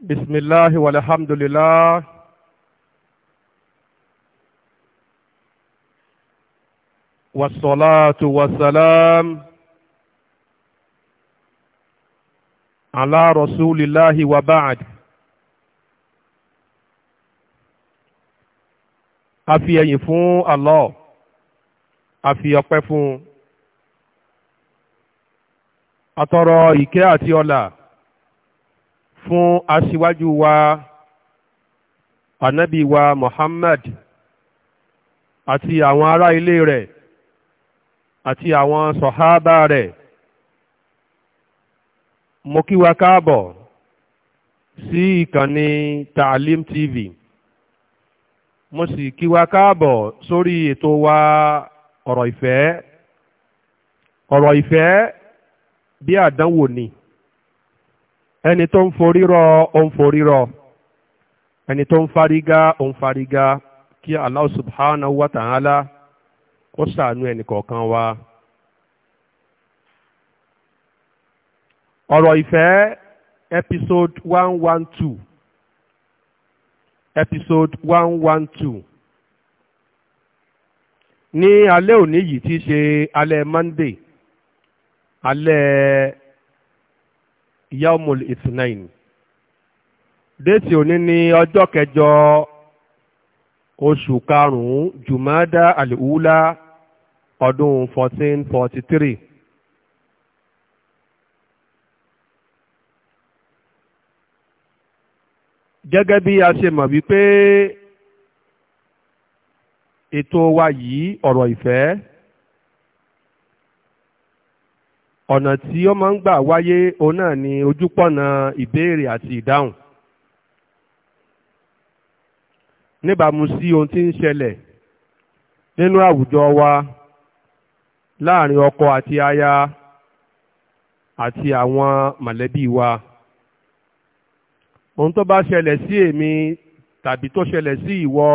بسم الله والحمد لله والصلاة والسلام على رسول الله وبعد afi ẹ̀yìn الله Allah afi ọpẹ́ fún atọrọ fún aṣíwájú wa ànábì wa Muhammad àti àwọn ará ilé rẹ̀ àti àwọn sọ̀hábà rẹ̀ mo kí wa káàbọ̀ sí ìkànnì Taalim TV mo sì kí wa káàbọ̀ sórí ètò wa ọ̀rọ̀ ìfẹ́ ọ̀rọ̀ ìfẹ́ bí àdánwò ni ẹni tó ń forírọ ó ń forírọ ẹni tó ń farigá ó ń farigá kí Allah subhanahu wa ta'ala kó ṣàánú ẹnì kọ̀ọ̀kan wa. ọ̀rọ̀ ìfẹ́ episode one one two episode one one two ní alẹ́ òní yìí tí í ṣe alẹ́ Monday alẹ́ yaumul ithnain déètì òní ní ọjọ́ kẹjọ oṣù karùn-ún jùmọ́dá àlìhúlá ọdún 1443 gẹ́gẹ́ bí a ṣe mọ̀ wípé ètò wa yìí ọ̀rọ̀ ìfẹ́ ọ̀nà tí ó máa ń gbà wáyé òun náà ni ojúpọ̀nà ìbéèrè àti ìdáhùn níbàámu sí ohun tí ń ṣẹlẹ̀ nínú àwùjọ wa láàrin ọkọ àti aya àti àwọn mọ̀lẹ́bí wa ohun tó bá ṣẹlẹ̀ sí èmi tàbí tó ṣẹlẹ̀ sí ìwọ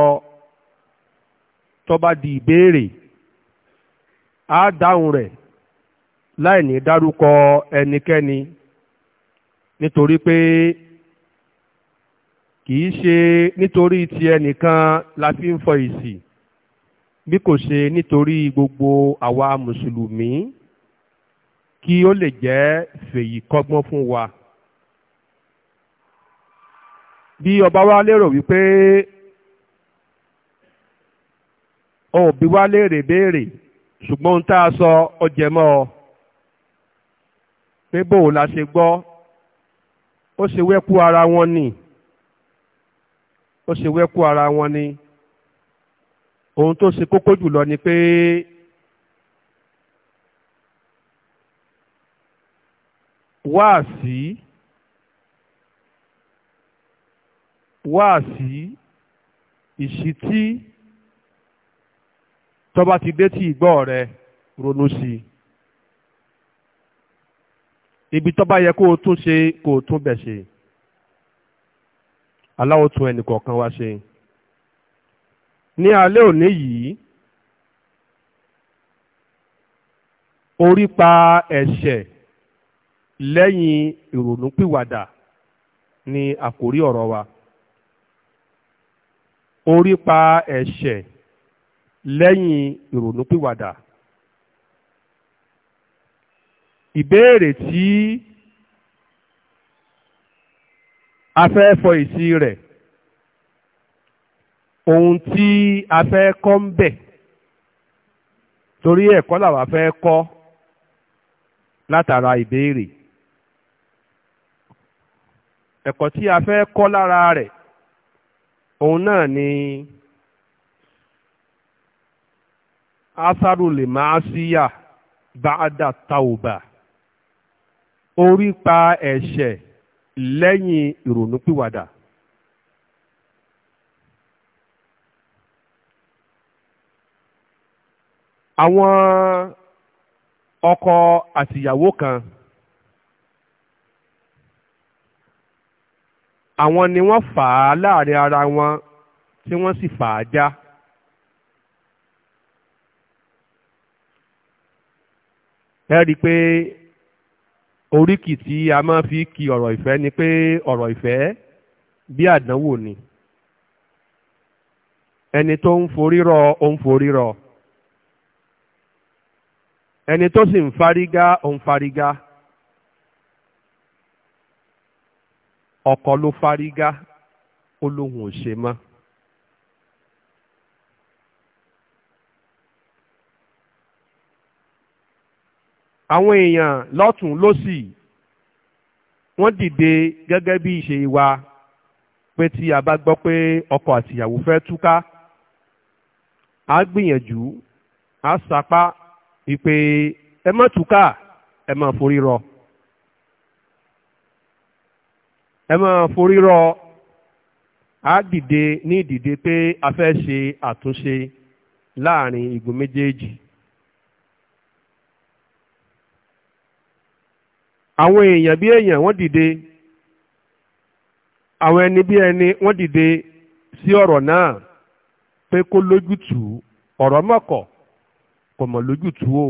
tó bá di ìbéèrè á dáhùn rẹ̀ láì ní dárúkọ ẹnikẹ́ni nítorí pé kìí ṣe nítorí ti ẹnìkan la fi ń fọ ìsì bí kò ṣe nítorí gbogbo àwa mùsùlùmí kí ó lè jẹ́ fèyí kọ́gbọ́n fún wa. bí ọba wa lérò wípé òbí wa léèrè béèrè ṣùgbọ́n ohun tá a sọ ọ jẹ mọ́ ọ pé bóò la ṣe gbọ́ ó ṣe wẹ́kú ara wọn ni ó ṣe wẹ́kú ara wọn ni ohun tó ṣe kókó jùlọ ni pé wáàsí wáàsí ìṣítí tó ti dé tí ìgbọ́ rẹ ronú sí i ibi tó bá yẹ kó o tún ṣe kó o tún bẹ̀ ṣe aláwo tún ẹnì kọ̀ọ̀kan wá ṣe ní alẹ́ òní yìí orí pa ẹ̀ṣẹ̀ lẹ́yìn ìrònúpìwàdà ni àkórí ọ̀rọ̀ wa orí pa ẹ̀ṣẹ̀ lẹ́yìn ìrònúpìwàdà ìbéèrè tí a fẹ́ fọ ìsí rẹ̀ ohun tí a fẹ́ kọ́ ń bẹ̀ torí ẹ̀kọ́ làwa fẹ́ kọ́ látara ìbéèrè ẹ̀kọ́ tí a fẹ́ kọ́ lára rẹ̀ òun náà ni asarulemaasiya ba'ada tauba orí pa ẹ̀ṣẹ̀ lẹ́yìn ìrònúpìwàdà. àwọn ọkọ àtìyàwó kan àwọn ni wọ́n fà á láàrin ara wọn tí wọ́n sì fà á já. ẹ rí i pé oríkì tí a máa fi kí ọ̀rọ̀ ìfẹ́ ni pé ọ̀rọ̀ ìfẹ́ bí àdánwò ni ẹni tó ń forírọ ó ń forírọ ẹni tó sì ń farigá ó ń farigá ọkọ ló farigá ó lóhùn ò ṣe mọ́. àwọn èèyàn lọ́tún lọ́sì wọ́n dìde gẹ́gẹ́ bí ìṣe wa pé tí a bá gbọ́ pé ọkọ àtìyàwó fẹ́ túká a gbìyànjú a sapá ìpè ẹ má túká ẹ má forí rọ ẹ má forí rọ a dìde ní ìdìde pé a fẹ́ ṣe àtúnṣe láàrin igun méjèèjì. àwọn èèyàn bí èèyàn wọ́n dìde àwọn ẹni bí ẹni wọ́n dìde sí ọ̀rọ̀ náà pé kó lójútùú ọ̀rọ̀ mọ̀kọ̀ kò mọ̀ lójútùú o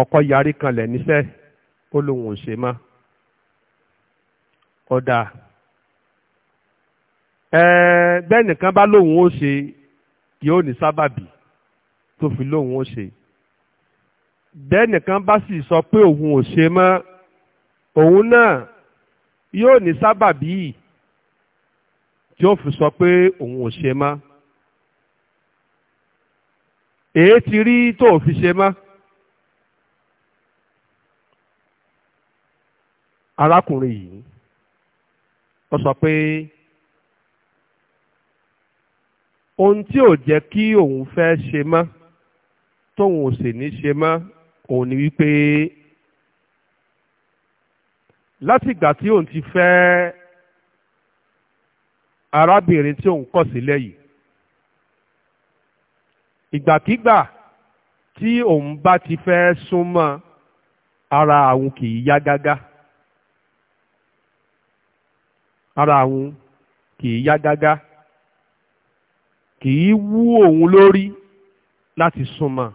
ọkọ yarí kanlẹ̀ níṣẹ́ ó lóun ò ṣe má ọ̀dà ẹ̀ẹ́dẹ́nìkan bá lóun ó ṣe yóò ní sábàbí tó fi lóun ó ṣe bẹ́ẹ̀nìkan bá sì sọ pé òun ò ṣe mọ́ òun náà yóò ní sábàbí tí ó fi sọ pé òun ò ṣe mọ́ èé ti rí tó ò fi ṣe mọ́ arákùnrin yìí ó sọ pé ohun tí ò jẹ́ kí òun fẹ́ ṣe mọ́ tóun ò sì ní ṣe mọ́ òun ni wípé látìgbà tí òun ti fẹ́ arábìnrin tí òun kọ̀ sílẹ̀ yìí ìgbàkígbà tí òun bá ti fẹ́ súnmọ́ ara àwọn kì í yá gágá ara àwọn kì í yá gágá kì í wú òun lórí láti súnmọ́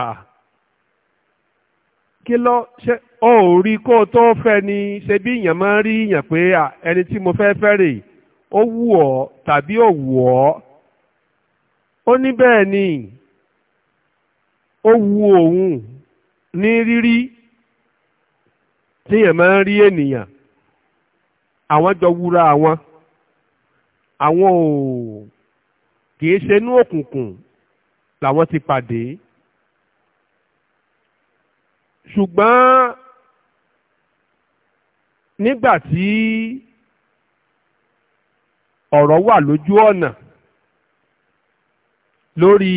Ah. kí lọ ṣe ọ ò rí kó o tó fẹ́ ni ṣe bí èèyàn máa ń rí èèyàn pé ẹni tí mo fẹ́ fẹ́ rèé ó wù ọ́ tàbí ò wù ọ́ ó ní bẹ́ẹ̀ ni ó wu òun ní rírí tíyàn máa ń rí ènìyàn àwọn jọ wúra àwọn àwọn ò kìí ṣe inú òkùnkùn làwọn ti pàdé ṣùgbọ́n nígbà tí ọ̀rọ̀ wà lójú ọ̀nà lórí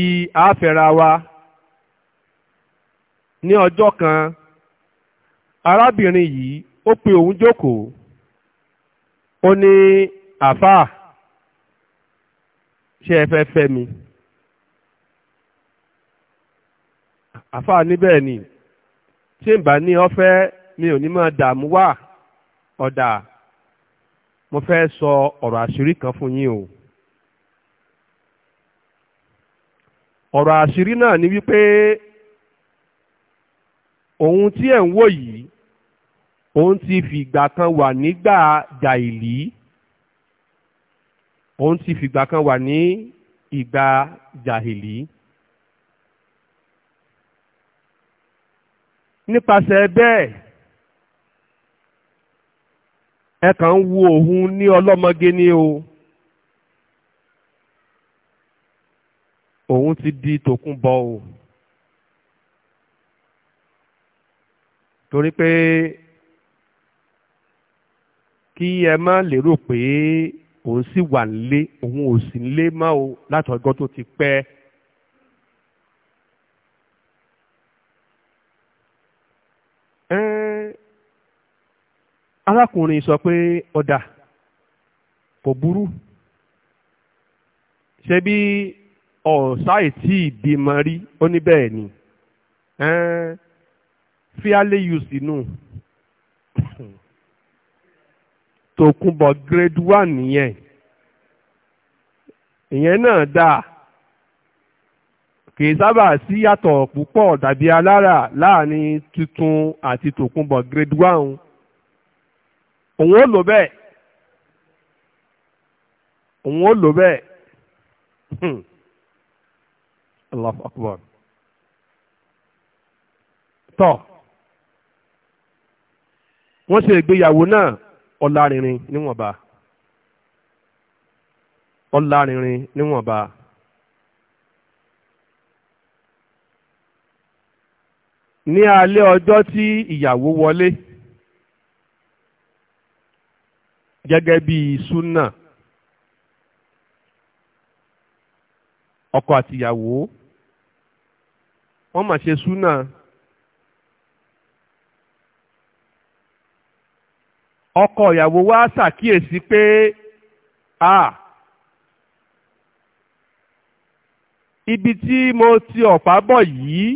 àáfẹ́ra wa ní ọjọ́ kan arábìnrin yìí ó pe òun jókòó ó ní àfáà ṣé fẹ́ fẹ́ mi àfáà níbẹ̀ ni tí n bá ní ọ̀fẹ́ mi ò ní máa dààmú wà ọ̀dà mo fẹ́ sọ ọ̀rọ̀ àṣírí kan fún yín o. ọ̀rọ̀ àṣírí náà ni wípé ohun tí ẹ̀ ń wò yìí òun ti fìgbà kan wà nígbà jàìlì òun ti fìgbà kan wà ní ìgbà jàìlì. nípasẹ̀ bẹ́ẹ̀ ẹ kàn ń wo òun ní ọlọ́mọge ni o òun ti di tòkun bọ o torí pé kí ẹ má lérò pé òun sì wà nílé òun ò sí nílé mọ́ o látọjọ́ tó ti pẹ́ arákùnrin sọ pé ọ̀dà kò burú ṣe bí ọ̀sáì tí ìbímọ rí ó ní bẹ́ẹ̀ ni fíálé yù sínú tòkunbọ̀ grade one nìyẹn ìyẹn náà dáa. kì í sábà sí yàtọ̀ púpọ̀ tàbí alára láàrin tuntun àti tòkunbọ̀ grade one òun ó lò bẹ́ẹ̀ òun ó lò bẹ́ẹ̀ hmm. Allahu tọ́ wọ́n ṣe ìgbéyàwó náà ọ̀la rìnrìn níwọ̀nba ọ̀la rìnrìn níwọ̀nba. ní alẹ́ ọjọ́ tí ìyàwó wọlé gẹ́gẹ́ bí súnà ọkọ àtìyàwó wọ́n mà ṣe súnà ọkọ ìyàwó wá ṣàkíyèsí pé a ibi tí mo ti ọ̀pá bọ̀ yìí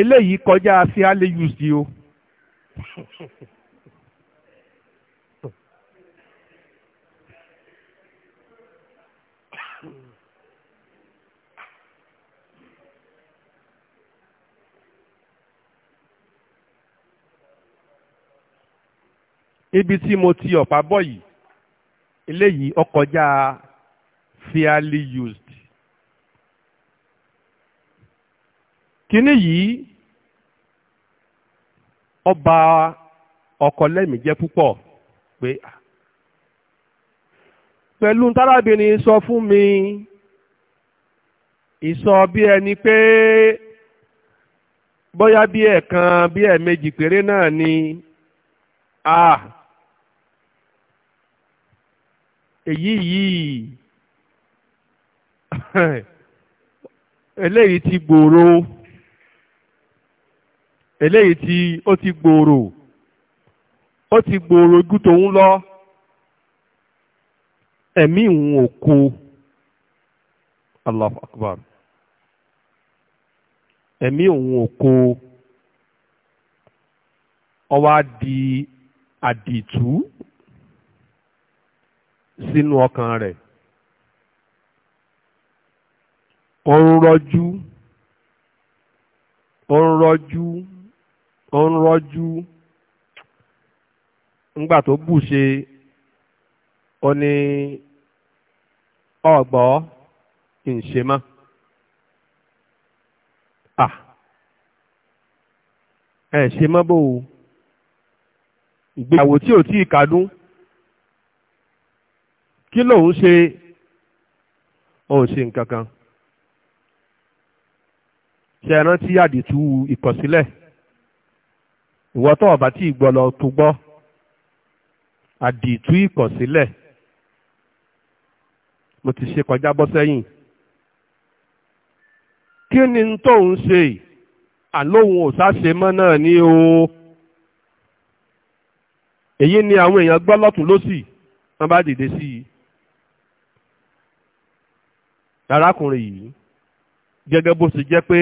eléyìí kọjá sí alẹ́ use o. ibi tí mo ti ọ̀pá bọ̀ yìí eléyìí ọkọjá fairly used kíní yìí ọba ọkọ lẹ́mìí jẹ́ púpọ̀ pé ah. pẹ̀lú tárábìnrin sọ fún mi ìsọ bí ẹni pé bóyá bí ẹ̀kan bí ẹ̀mejì péré náà ni a ah. èyí yìí eléyìí ti gbòòrò. eléyìí tí ó ti gbòòrò ó ti gbòòrò ojú tòun lọ ẹ̀mí ìhun òkú Allahu Akbar ẹ̀mí òun òkú ọwá di àdìtú sínú ọkàn rẹ̀ ó ń rọ́jú ó ń rọ́jú ó ń rọ́jú ńgbà tó bù ṣe ó ní ọ̀gbọ́ ìṣemọ́ à ẹ̀ ṣe mọ́ bò ó ìgbéyàwó tí ò tí ì kádùn kí lòun ṣe ó ṣe nǹkan kan ṣe rántí àdìtú ìkọ̀sílẹ̀ ìwọ tó ọba tí ìgbọ́ lọ tó gbọ́ àdìtú ìkọ̀sílẹ̀ mo ti ṣe kọjá bọ́ sẹ́yìn kí ni tó ń ṣe àlóhun òṣàṣe mọ́ náà ní o èyí ni àwọn èèyàn gbọ́ lọ́tún lọ́sì wọ́n bá dìde sí i arákùnrin yìí gẹ́gẹ́ bó ṣe jẹ́ pé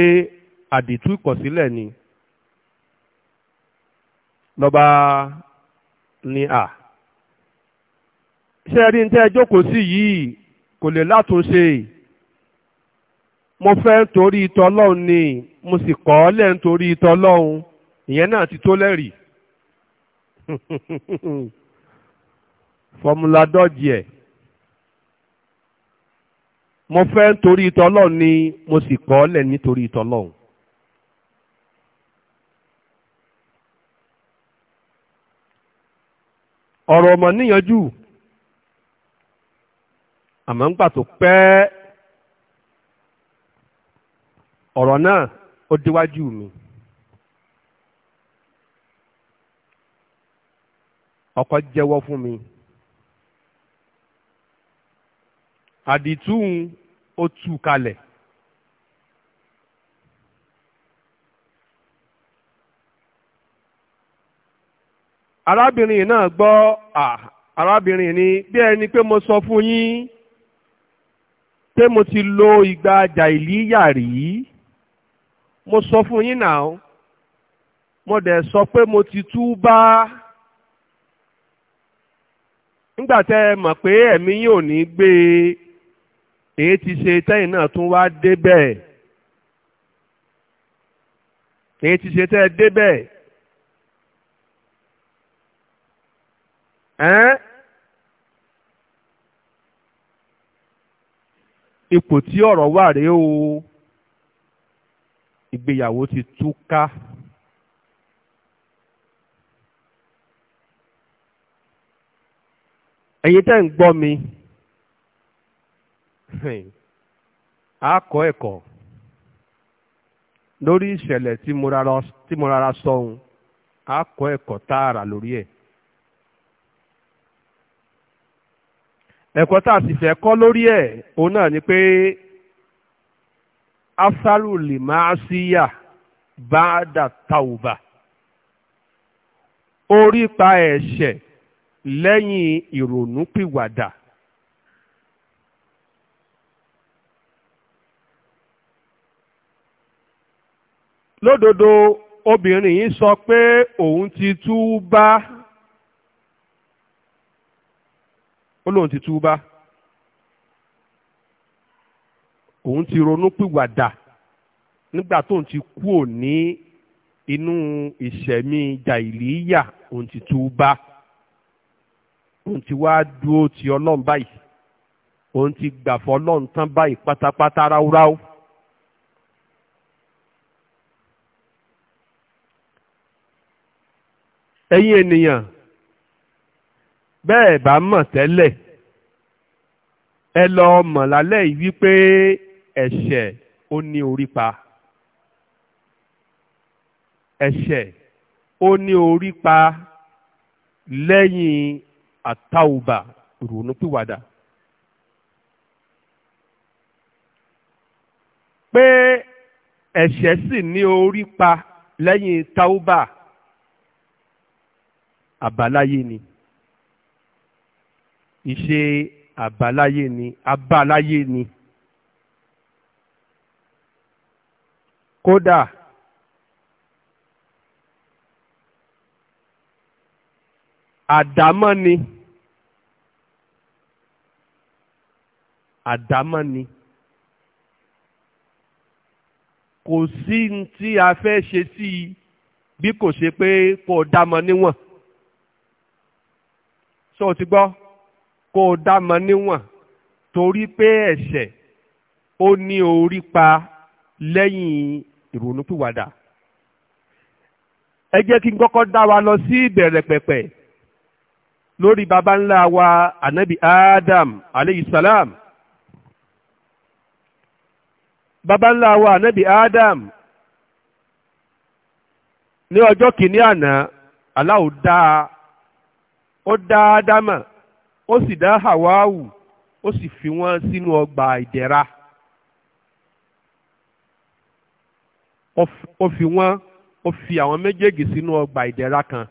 àdìtú ìkọ̀sílẹ̀ ni lọ́ba ni a. ṣé ẹ rí ní tẹ́ ẹ jókòó sí yìí kò lè látúnṣe mo fẹ́ torí tọlọ́hun ni mo sì kọ́ ọ́ lẹ́ nítorí tọlọ́hun ìyẹn náà ti tó lẹ́rìí fọmùlà dọ́jì ẹ̀ mo fẹ́ torí tọlọ́hun ni mo sì kọ́ ọ́ lẹ̀ nítorí tọlọ́hun. ọ̀rọ̀ ọmọ níyanjú àmọ́ ń gbà tó pẹ́ ọ̀rọ̀ náà ó déwájú mi ọkọ jẹ́wọ́ fún mi àdìtú ó tú kalẹ̀ arábìnrin náà gbọ́ arábìnrin ni bí ẹni pé mo sọ fún yín pé mo ti lo ìgbà jàìlíyà rí mo sọ fún yín náà mo dẹ̀ sọ pé mo ti tú bá nígbà tẹ́ ẹ mọ̀ pé ẹ̀mí yìí ò ní gbé e èyí ti ṣe tẹ́yìn náà tún wá débẹ̀ èyí ti ṣe tẹ́ ẹ débẹ̀ ipò tí ọ̀rọ̀ wà rèé o ìgbéyàwó ti tú ká ẹ̀yin tẹ́ ń gbọ́ mi a kọ́ ẹ̀kọ́ lórí ìṣẹ̀lẹ̀ tí mo rárá sọ́hun a kọ́ ẹ̀kọ́ tààrà lórí ẹ̀. ẹ̀kọ́ tá a sì fẹ́ kọ́ lórí ẹ̀ òun náà ni pé asaru lè máa síyà bá dà tàùbà orí pa ẹ̀ṣẹ̀ lẹ́yìn ìrònúpìwàdà. lódodo obìnrin yìí sọ pé òun ti tú bá. ó lóun ti túbá òun ti ronú pìwàdà nígbà tóun ti kú ò ní inú ìṣẹ̀mí jàìlíyà òun ti túbá òun ti wá dúró ti ọlọ́run báyìí òun ti gbàfọ́ ọlọ́run tán báyìí pátápátá ráúráú. ẹ̀yin ènìyàn bẹ́ẹ̀ bá mọ̀ tẹ́lẹ̀ ẹ lọ mọ̀ lálẹ́ yìí wípé ẹ̀ṣẹ̀ ó ní orí pa ẹ̀ṣẹ̀ ó ní orí pa lẹ́yìn àtàwùbà ìrònúpìwàdà. pé ẹ̀ṣẹ̀ sì ní orí pa lẹ́yìn táwùbà àbáláyé ni ìṣe àbáláyé ni abáláyé ni kódà àdámọ́ ni àdámọ́ ni kò sí tí a fẹ́ ṣe sí i bí kò ṣe pé kò dámọ́ níwọ̀n ṣé o ti gbọ́ kó o dámọ níwọ̀n torí pé ẹ̀ṣẹ̀ ó ní orí pa lẹ́yìn ìrònúpìwàdà. ẹ jẹ́ kí n kọ́kọ́ dá wa lọ sí ìbẹ̀rẹ̀ pẹ̀pẹ̀ lórí baba ńlá wa anabi adam aleyhi salam baba ńlá wa anabi adam ní ọjọ́ kìíní àná aláwo dá ó dá ádámà ó sì dá Hàwáwù ó sì fi wọ́n sínú ọgbà ìdẹ̀ra ó fi wọ́n ó fi àwọn méjèèjì sínú ọgbà ìdẹ̀ra kan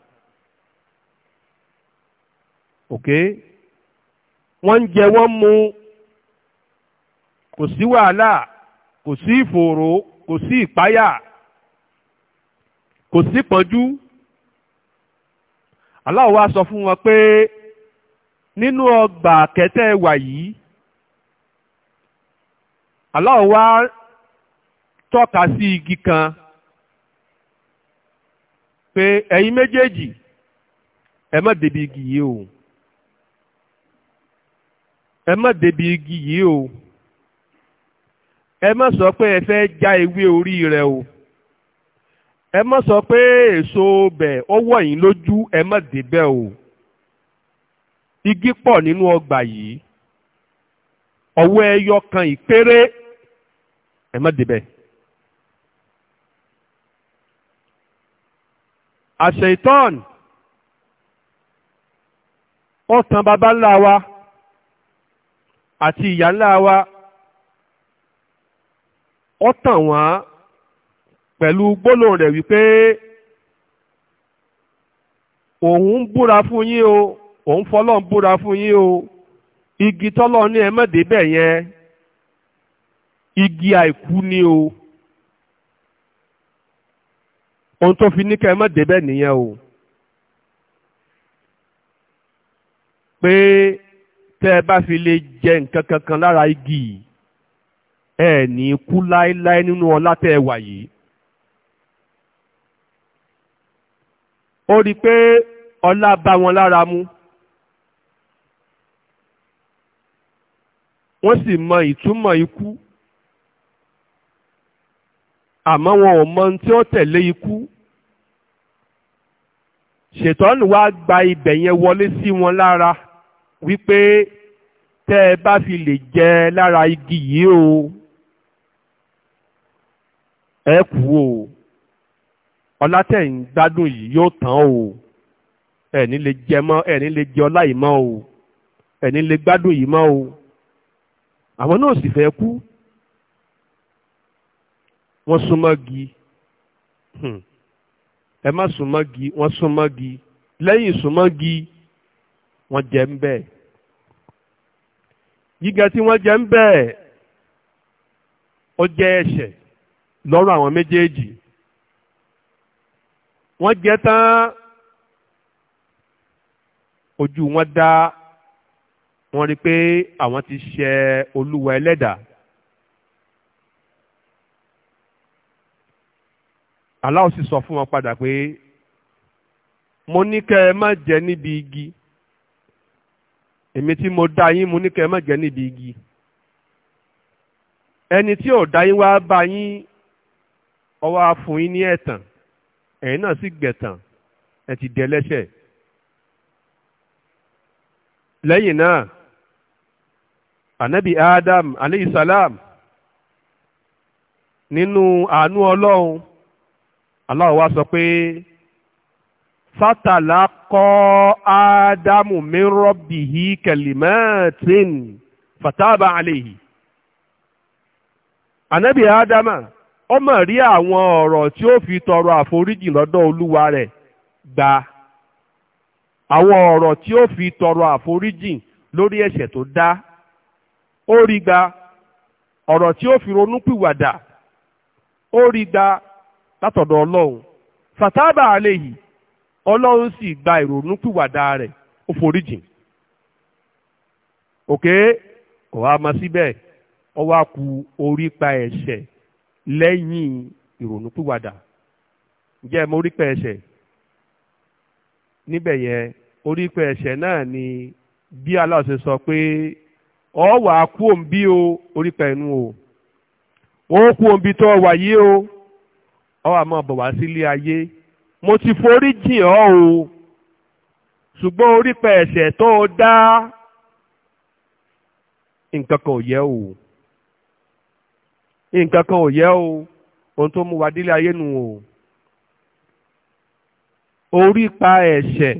ok wọ́n ń jẹ wọ́n mu kò sí wàhálà kò sí ìfòòró kò sí ìpáyà kò sí pọ́njú Allah wá sọ fún wọn pé nínú ọgbà kẹtẹ́ wà yìí Allah wá tọ́ka sí igi kan pé ẹ̀yin méjèèjì ẹ má débi igi yìí o ẹ má débi igi yìí o ẹ má sọ pé ẹ fẹ́ já ewé orí rẹ o ẹ má sọ pé èso bẹ̀ ọwọ́ yìí lójú ẹ má débẹ̀ o igi pọ̀ nínú ọgbà yìí ọwọ́ ẹyọ kan ìpéré ẹ má débẹ̀. àṣeyìtọ́n ó tan baba ńlá wa àti ìyá ńlá wa ó tàn wọ́n pẹ̀lú gbólóhùn rẹ̀ wípé òun ń búra fún yín o òun fọlọ́ ń búra fún yín o igi tọ́lọ́ ní ẹ má débẹ̀ yẹn igi àìkú ni o ohun tó fi ní ká ẹ má débẹ̀ nìyẹn o pé tẹ́ ẹ bá fi lè jẹ nǹkan kankan lára igi ẹ ní kú láéláé nínú ọlá tẹ́ ẹ wà yìí. ó rí i pé ọlá bá wọn lára mu. wọ́n sì mọ ìtumọ̀ ikú àmọ́ wọn ò mọ tí ó tẹ̀lé ikú ṣètọ́nù wá gba ibẹ̀ yẹn wọlé sí wọn lára wípé tẹ́ ẹ bá fi lè jẹ lára igi yìí o ẹ kú o ọlá yìí yóò tán o ẹ̀ní lè jẹ mọ́ ẹ̀ní lè jẹ ọlá o ẹ̀ní lè gbádùn yìí mọ́ o àwọn náà sì fẹ́ kú wọ́n súnmọ́ gi hmm. ẹ má súnmọ́ gi wọ́n súnmọ́ gi lẹ́yìn súnmọ́ wọ́n jẹ ń bẹ́ẹ̀ gíga tí wọ́n jẹ ń bẹ́ẹ̀ ó jẹ́ ẹ̀ṣẹ̀ lọ́rùn àwọn méjèèjì wọ́n jẹ tán ojú wọn dá wọ́n rí pé àwọn ti ṣẹ olúwa ẹlẹ́dàá Allah sì sọ fún wọn padà pé mo ní kẹ́ ẹ má jẹ níbi igi èmi tí mo dá yín mo ní kẹ́ ẹ má jẹ níbi igi ẹni tí ò dá yín wá bá yín ó wá fún yín ní ẹ̀tàn ẹ̀yin náà sì gbẹ̀tàn ẹ ti dẹlẹ́ṣẹ̀ lẹ́yìn náà ànábì Adam aleyhi salam nínú àánú ọlọ́run Allah wá sọ pé fatala kọ́ ádámù min rabbihi kalimatin fataba aleyhi ànábì Ádámà ó mọ̀ rí àwọn ọ̀rọ̀ tí ó fi tọrọ àforíjì lọ́dọ̀ olúwa rẹ̀ gbà àwọn ọ̀rọ̀ tí ó fi tọrọ àforíjì lórí ẹ̀ṣẹ̀ tó dá ó rí gba ọ̀rọ̀ tí ó fi ronú pìwàdà ó rí gba látọ̀dọ̀ ọlọ́run fàtàbà àlèyí ọlọ́run sì gba ìrònú pìwàdà rẹ̀ ó foríjìn òkè kò wá ma síbẹ̀ ó wá ku orí pa ẹ̀ṣẹ̀ lẹ́yìn ìrònú pìwàdà ǹjẹ́ mo rí pa ẹ̀ṣẹ̀ níbẹ̀ yẹn orí pa ẹ̀ṣẹ̀ náà ni bí Allah sọ pé. ọ wà á kú o orípa enu o O kwuo ombi tó wà yé o ọ wà máa bọ̀ wá sílé ayé mo ti forí jìn ọ́ o ṣùgbọ́n orí pẹ̀ ẹ̀ṣẹ̀ tó o dá nǹkan kan ò yẹ o nǹkan kan ò yẹ o ohun tó mu wa délé ayé nu o Orípa ẹ̀sẹ̀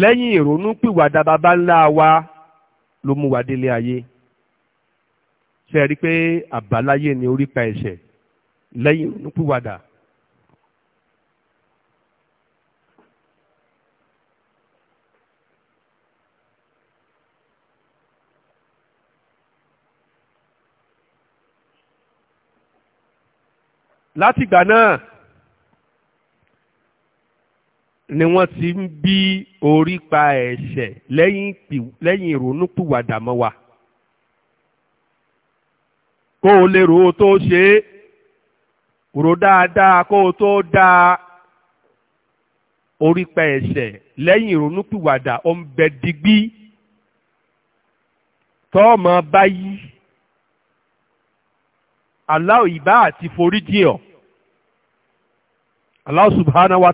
lẹ́yìn ìrònú pìwàdà baba ńlá wa. ló mú wa délé ayé ṣe rí i pé àbáláyé ni orípa ẹ̀ṣẹ̀ lẹ́yìn onípìwàdà látìgbà náà ni wọ́n ti ń bí orí pa ẹ̀ṣẹ̀ lẹ́yìn ìrònúpìwàdà mọ́ wa kó o lè rò ó tó ṣe é rò dáadáa kó o tó dá orí pa ẹ̀ṣẹ̀ lẹ́yìn ìrònúpìwàdà ó ń bẹ digbí tọ́ọ̀mọ báyìí aláwọ̀ àti foríjì ọ̀ aláwọ̀ subhanahu wa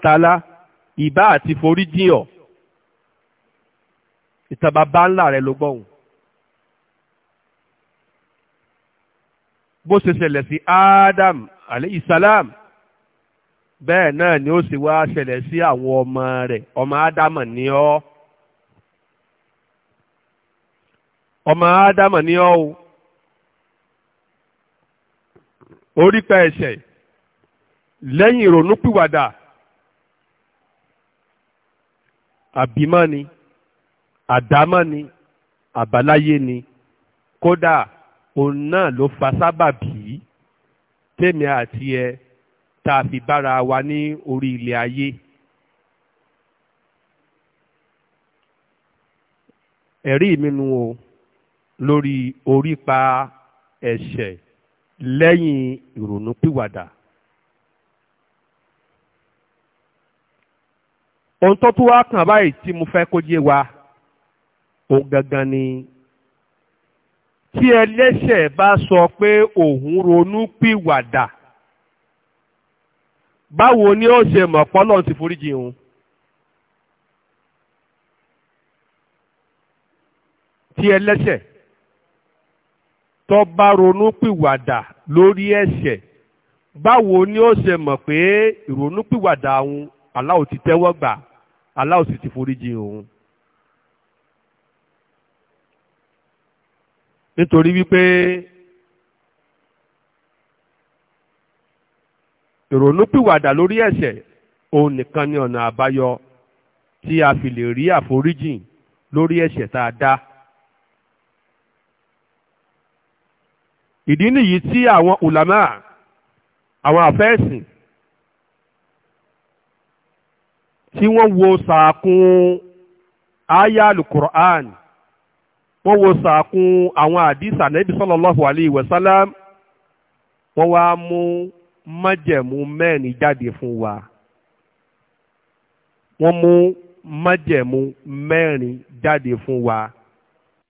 ìbá àti forí jìn ọ́ ìtàn ńlá rẹ ló gbọ́hùn bó ṣe ṣẹlẹ̀ sí Adam alayhi salam bẹ́ẹ̀ náà ni ó sì wá ṣẹlẹ̀ sí àwọn ọmọ rẹ̀ ọmọ Ádámọ̀ ni ọ́ ọmọ Ádámọ̀ ni ọ́ o orípa ẹ̀ṣẹ̀ lẹ́yìn ìrònúpìwàdà àbímọ́ ni àdámọ́ ni àbáláyé ni kódà òun náà ló fa sábàbí tèmi àti ẹ tá a fi bára wa ní orí ilẹ̀ ayé. ẹ̀rí mi o lórí orípa ẹ̀ṣẹ̀ lẹ́yìn ìrònúpìwàdà. ohun tó tún wá kàn báyìí tí mo fẹ́ kó yé wa òun gangan ni tí ẹlẹ́ṣẹ̀ bá sọ pé òun ronú pìwàdà báwo ni ó ṣe mọ̀ pọ́lọ́ ti foríjì òun. tí ẹlẹ́ṣẹ̀ tó bá ronú pìwàdà lórí ẹ̀ṣẹ̀ báwo ni ó ṣe mọ̀ pé ìrònú pìwàdà òun aláwo ti tẹ́wọ́ gbà. Allah sì ti foríjì òun nítorí wípé ìrònúpìwàdà lórí ẹ̀ṣẹ̀ òun nìkan ni ọ̀nà àbáyọ tí a fi lè rí àforíjìn lórí ẹ̀ṣẹ̀ tá a dá. ìdí nìyí tí àwọn ulama àwọn àfẹ́sìn tí wọ́n wo sàkún aya alukur'an wọ́n wo sàkún àwọn àdìsà nẹ́bí sallallahu alayhi wa sallam wọ́n wá mú májẹ̀mú mẹ́rin jáde fún wa wọ́n mú májẹ̀mú mẹ́rin jáde fún wa.